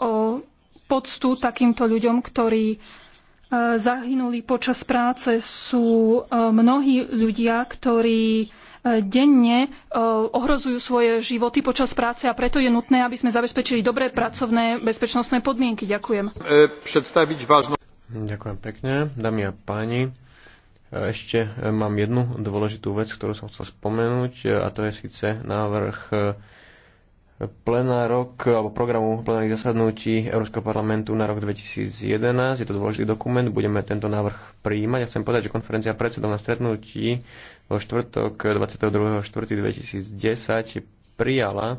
o poctu takýmto ľuďom, ktorí e, zahynuli počas práce. Sú e, mnohí ľudia, ktorí e, denne ohrozujú svoje životy počas práce a preto je nutné, aby sme zabezpečili dobré pracovné bezpečnostné podmienky. Ďakujem. Ďakujem pekne. Dámy a páni, ešte mám jednu dôležitú vec, ktorú som chcel spomenúť a to je síce návrh plenárok alebo programu plenárnych zasadnutí Európskeho parlamentu na rok 2011. Je to dôležitý dokument, budeme tento návrh prijímať. Ja chcem povedať, že konferencia predsedov na stretnutí vo štvrtok 22.4.2010 prijala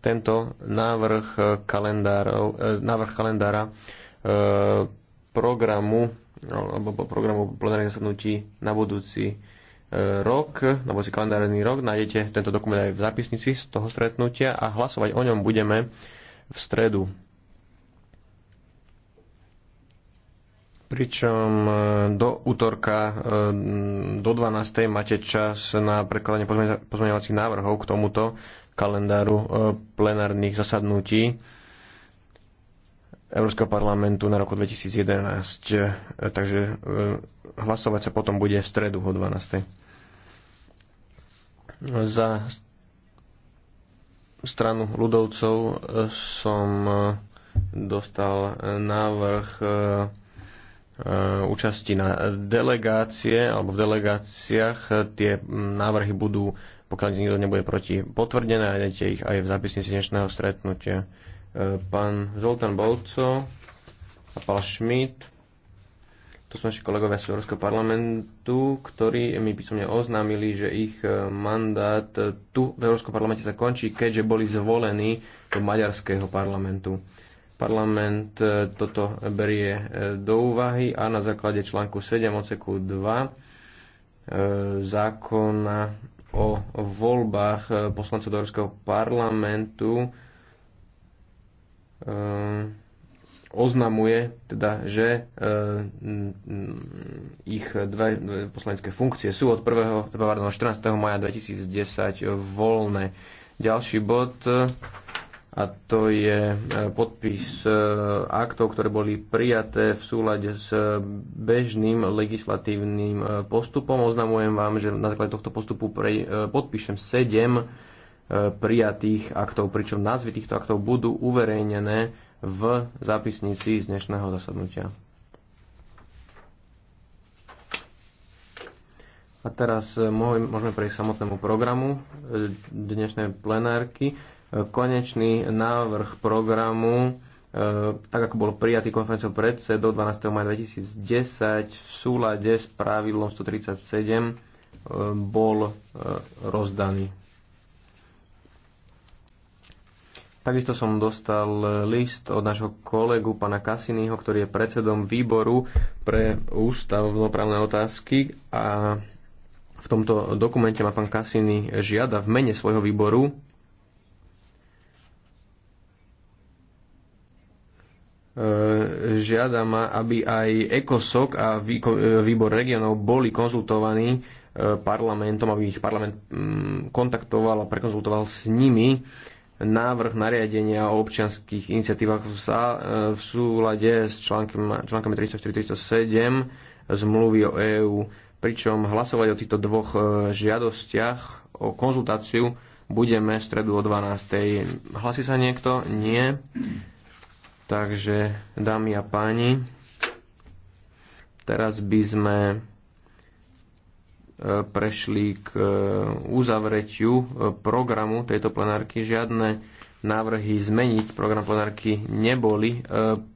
tento návrh, kalendárov, e, návrh kalendára e, programu alebo programu plenárnych zasadnutí na budúci rok, na budúci kalendárny rok. Nájdete tento dokument aj v zápisnici z toho stretnutia a hlasovať o ňom budeme v stredu. Pričom e, do útorka e, do 12. máte čas na prekladanie pozmeňovacích návrhov k tomuto kalendáru e, plenárnych zasadnutí. Európskeho parlamentu na roku 2011. Takže hlasovať sa potom bude v stredu o 12. Za stranu ľudovcov eh, som eh, dostal eh, návrh účasti na delegácie alebo v delegáciách. Tie hm, návrhy budú, pokiaľ nikto nebude proti, potvrdené a nájdete ich aj v zápisnici dnešného stretnutia. Pán Zoltán Bolco a pán Schmidt to sú naši kolegovia z Európskeho parlamentu, ktorí mi písomne oznámili, že ich e, mandát e, tu v Európskom parlamente sa končí, keďže boli zvolení do maďarského parlamentu. Parlament e, toto berie do úvahy a na základe článku 7 odseku 2 zákona o voľbách poslancov do Európskeho parlamentu oznamuje, teda, že e, ich dve poslanecké funkcie sú od 1. Pardon, 14. maja 2010 voľné. Ďalší bod e, a to je e, podpis aktov, ktoré boli prijaté v súlade s bežným legislatívnym postupom. Oznamujem vám, že na základe tohto postupu pre, podpíšem 7 prijatých aktov, pričom názvy týchto aktov budú uverejnené v zápisnici z dnešného zasadnutia. A teraz eh, môžeme prejsť samotnému programu eh, dnešnej plenárky. Eh, konečný návrh programu, tak ako bol prijatý konferenciou predsedov 12. maja 2010 v súlade s pravidlom 137, bol rozdaný. Takisto som dostal list od nášho kolegu pana Kasinyho, ktorý je predsedom výboru pre ústavnoprávne otázky a v tomto dokumente ma pán Kasiny žiada v mene svojho výboru e, žiada ma, aby aj ECOSOC a e, výbor regionov boli konzultovaní e, parlamentom, aby ich parlament mm, kontaktoval a prekonzultoval s nimi návrh nariadenia o občianských iniciatívach v súlade s článkami, článkami 304-307 zmluvy o EÚ, pričom hlasovať o týchto dvoch e, žiadostiach o konzultáciu budeme v stredu o 12. Hlasí sa niekto? Nie. Takže, dámy a páni, teraz by sme prešli k e, uzavretiu e, programu tejto plenárky. Žiadne návrhy zmeniť program plenárky neboli e,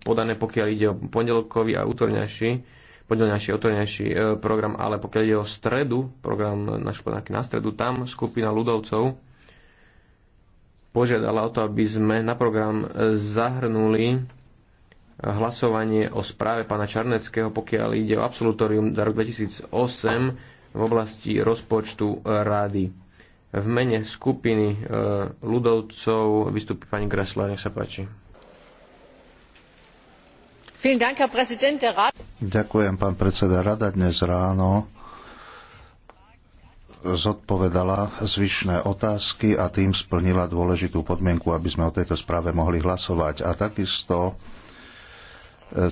podané, pokiaľ ide o pondelkový a útorňajší podelňajší, otvorňajší program, ale pokiaľ ide o stredu, program našej plenárky na stredu, tam skupina ľudovcov požiadala o to, aby sme na program zahrnuli hlasovanie o správe pána Čarneckého, pokiaľ ide o absolutorium za rok 2008, v oblasti rozpočtu e, rady. V mene skupiny e, ľudovcov vystúpi pani Grasla, nech sa páči. Ďakujem, pán predseda. Rada dnes ráno zodpovedala zvyšné otázky a tým splnila dôležitú podmienku, aby sme o tejto správe mohli hlasovať. A takisto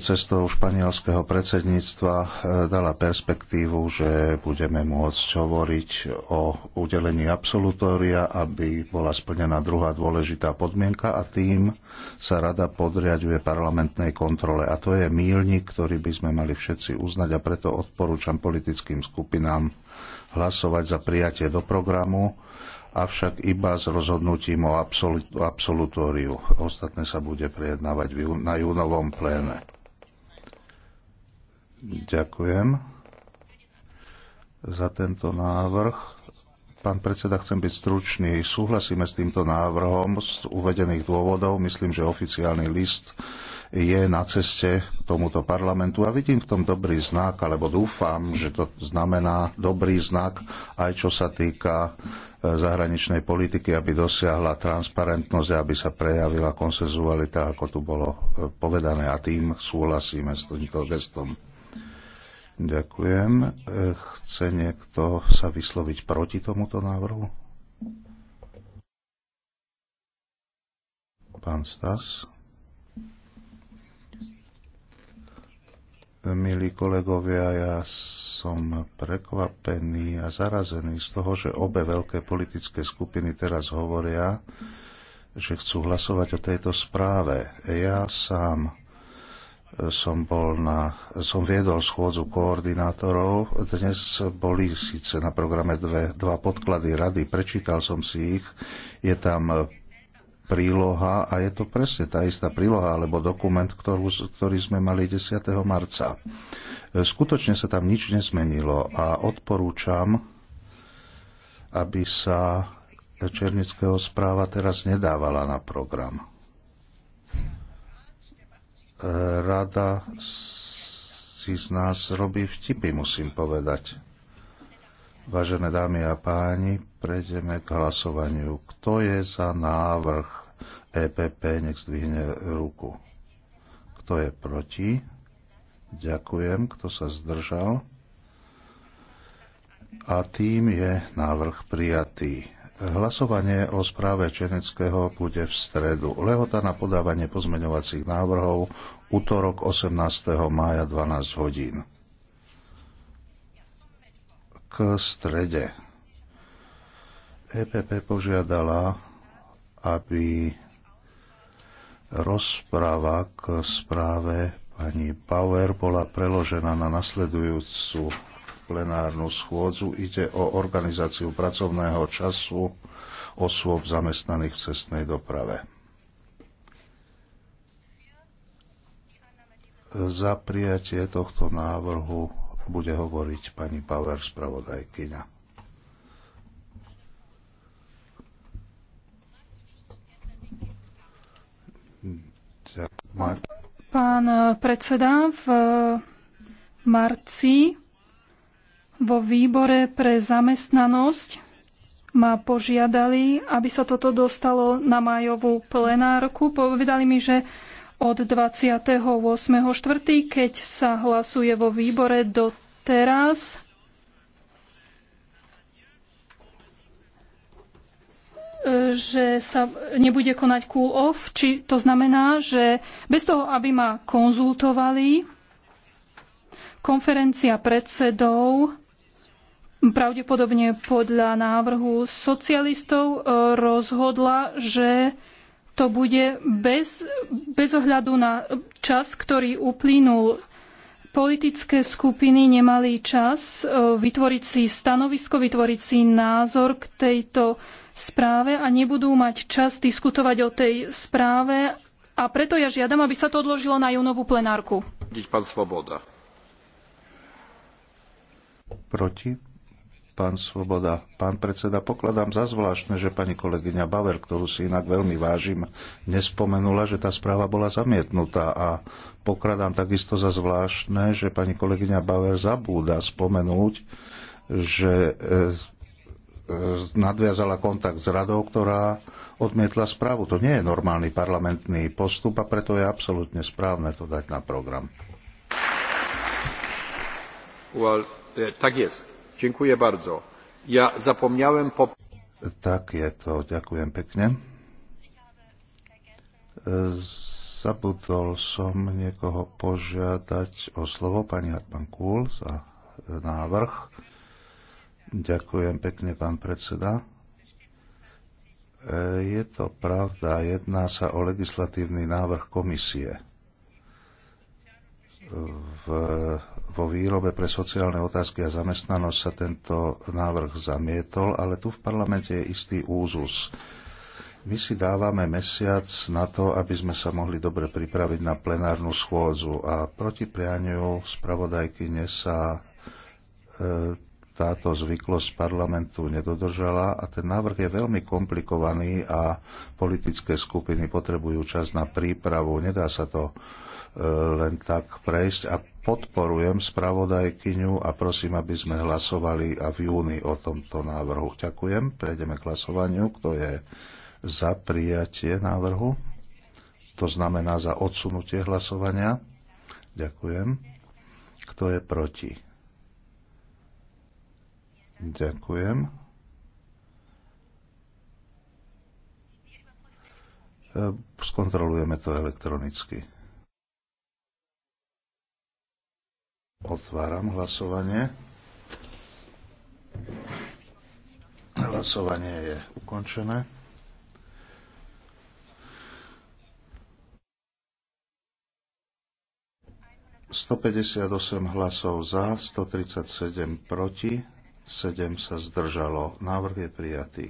cestou španielského predsedníctva e, dala perspektívu, že budeme môcť hovoriť o udelení absolutória, aby bola splnená druhá dôležitá podmienka a tým sa rada podriaduje parlamentnej kontrole. A to je mílnik, ktorý by sme mali všetci uznať a preto odporúčam politickým skupinám hlasovať za prijatie do programu avšak iba s rozhodnutím o absolutóriu. Ostatné sa bude prejednávať na júnovom pléne. Ďakujem za tento návrh. Pán predseda, chcem byť stručný. Súhlasíme s týmto návrhom z uvedených dôvodov. Myslím, že oficiálny list je na ceste tomuto parlamentu a vidím v tom dobrý znak, alebo dúfam, že to znamená dobrý znak aj čo sa týka e, zahraničnej politiky, aby dosiahla transparentnosť a aby sa prejavila konsenzualita, ako tu bolo e, povedané. A tým súhlasíme s týmto gestom. Ďakujem. E, chce niekto sa vysloviť proti tomuto návrhu? Pán Stas. Milí kolegovia, ja som prekvapený a zarazený z toho, že obe veľké politické skupiny teraz hovoria, že chcú hlasovať o tejto správe. Ja sám eh, som, bol na, som viedol schôdzu koordinátorov. Dnes boli síce na programe dve, dva podklady rady, prečítal som si ich. Je tam príloha a je to presne tá istá príloha alebo dokument, ktorú, ktorý sme mali 10. marca. E, skutočne sa tam nič nezmenilo a odporúčam, aby sa Černického správa teraz nedávala na program. E, rada si z nás robí vtipy, musím povedať. Vážené dámy a páni, prejdeme k hlasovaniu. Kto je za návrh EPP, nech zdvihne ruku. Kto je proti? Ďakujem. Kto sa zdržal? A tým je návrh prijatý. Hlasovanie o správe Čeneckého bude v stredu. Lehota na podávanie pozmeňovacích návrhov útorok 18. mája 12 hodín. K strede. EPP požiadala, aby rozpráva k správe pani Bauer bola preložená na nasledujúcu plenárnu schôdzu. Ide o organizáciu pracovného času osôb zamestnaných v cestnej doprave. Za prijatie tohto návrhu bude hovoriť pani Bauer, spravodajkyňa. Pán eh, predseda, v eh, marci vo výbore pre zamestnanosť ma požiadali, aby sa toto dostalo na majovú plenárku. Povedali mi, že od 28.4., keď sa hlasuje vo výbore do teraz, že sa nebude konať cool-off, či to znamená, že bez toho, aby ma konzultovali, konferencia predsedov pravdepodobne podľa návrhu socialistov e, rozhodla, že to bude bez, bez ohľadu na čas, ktorý uplynul. Politické skupiny nemali čas e, vytvoriť si stanovisko, vytvoriť si názor k tejto správe a nebudú mať čas diskutovať o tej správe a preto ja žiadam, aby sa to odložilo na júnovú plenárku. Pán Svoboda. Proti? Pán Svoboda. Pán predseda, pokladám za zvláštne, že pani kolegyňa Baver, ktorú si inak veľmi vážim, nespomenula, že tá správa bola zamietnutá a pokladám takisto za zvláštne, že pani kolegyňa Baver zabúda spomenúť, že e, nadviazala kontakt s radou, ktorá odmietla správu. To nie je normálny parlamentný postup a preto je absolútne správne to dať na program. Well, e, tak je. Dziękuję bardzo. Ja zapomniałem po... Tak je to. Ďakujem pekne. E, zabudol som niekoho požiadať o slovo, pani Hartmann kuhl za e, návrh. Ďakujem pekne, pán predseda. E, je to pravda, jedná sa o legislatívny návrh komisie v, vo výrobe pre sociálne otázky a zamestnanosť sa tento návrh zamietol, ale tu v parlamente je istý úzus. My si dávame mesiac na to, aby sme sa mohli dobre pripraviť na plenárnu schôdzu a proti prianiu spravodajkyne sa e, táto zvyklosť parlamentu nedodržala a ten návrh je veľmi komplikovaný a politické skupiny potrebujú čas na prípravu. Nedá sa to e, len tak prejsť a podporujem spravodajkyňu a prosím, aby sme hlasovali a v júni o tomto návrhu. Ďakujem. Prejdeme k hlasovaniu. Kto je za prijatie návrhu? To znamená za odsunutie hlasovania. Ďakujem. Kto je proti? Ďakujem. E, skontrolujeme to elektronicky. Otváram hlasovanie. Hlasovanie je ukončené. Sto osem hlasov za, sto tridsať sedem proti. 7 sa zdržalo. Návrh je prijatý.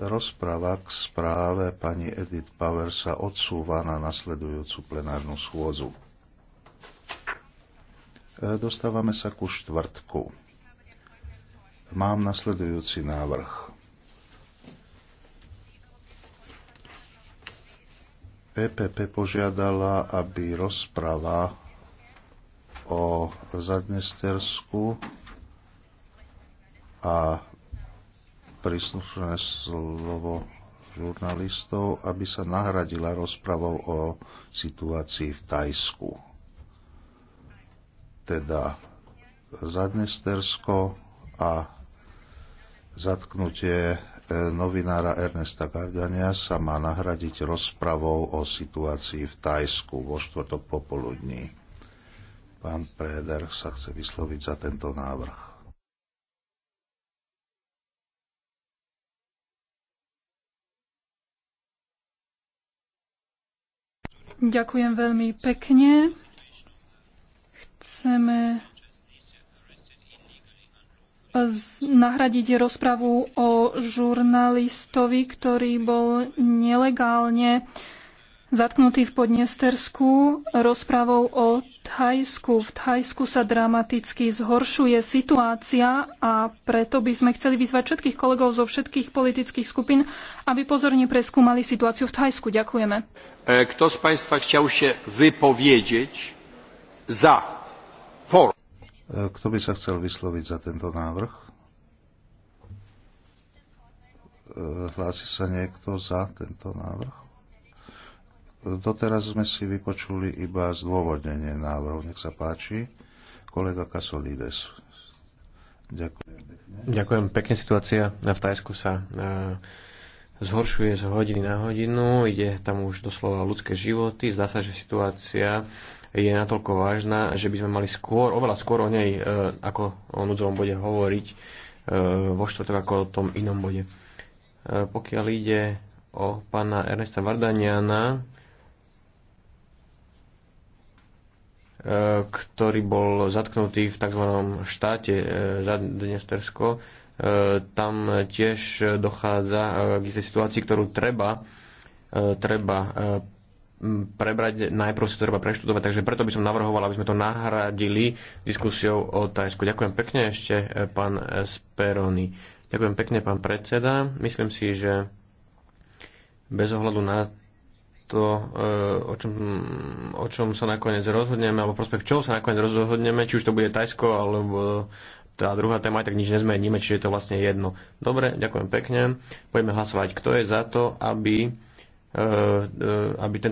Rozprava k správe pani Edith Power sa odsúva na nasledujúcu plenárnu schôzu. E, dostávame sa ku štvrtku. Mám nasledujúci návrh. EPP požiadala, aby rozprava o Zadnestersku a príslušné slovo žurnalistov, aby sa nahradila rozpravou o situácii v Tajsku. Teda Zadnestersko a zatknutie e, novinára Ernesta Gardania sa má nahradiť rozpravou o situácii v Tajsku vo štvrtok popoludní. Pán Preder sa chce vysloviť za tento návrh. Ďakujem veľmi pekne. Chceme nahradiť rozpravu o žurnalistovi, ktorý bol nelegálne Zatknutý v Podnestersku rozprávou o Thajsku. V Thajsku sa dramaticky zhoršuje situácia a preto by sme chceli vyzvať všetkých kolegov zo všetkých politických skupín, aby pozorne preskúmali situáciu v Thajsku. Ďakujeme. E, kto z Państwa za? For. E, kto by sa chcel vysloviť za tento návrh? E, hlási sa niekto za tento návrh? Doteraz sme si vypočuli iba zdôvodnenie návrhu. Nech sa páči, kolega Kasolides. Ďakujem pekne. Ďakujem pekne. Situácia v Tajsku sa e, zhoršuje z hodiny na hodinu. Ide tam už doslova ľudské životy. Zdá sa, že situácia je natoľko vážna, že by sme mali skôr, oveľa skôr o nej, e, ako o núdzovom bode hovoriť e, vo štvrtok ako o tom inom bode. Pokiaľ ide o pána Ernesta Vardaniana, ktorý bol zatknutý v tzv. štáte e, za Dnestersko. E, tam tiež dochádza e, k istej situácii, ktorú treba, treba prebrať, najprv si to treba preštudovať, takže preto by som navrhoval, aby sme to nahradili diskusiou o Tajsku. Ďakujem pekne ešte, pán Speroni. Ďakujem pekne, pán predseda. Myslím si, že bez ohľadu na to, eh, o čom, o čom sa nakoniec rozhodneme, alebo prospech čoho sa nakoniec rozhodneme, či už to bude Tajsko, alebo tá druhá téma, tak nič nezmeníme, čiže je to vlastne jedno. Dobre, ďakujem pekne. Poďme hlasovať, kto je za to, aby, eh, eh, aby ten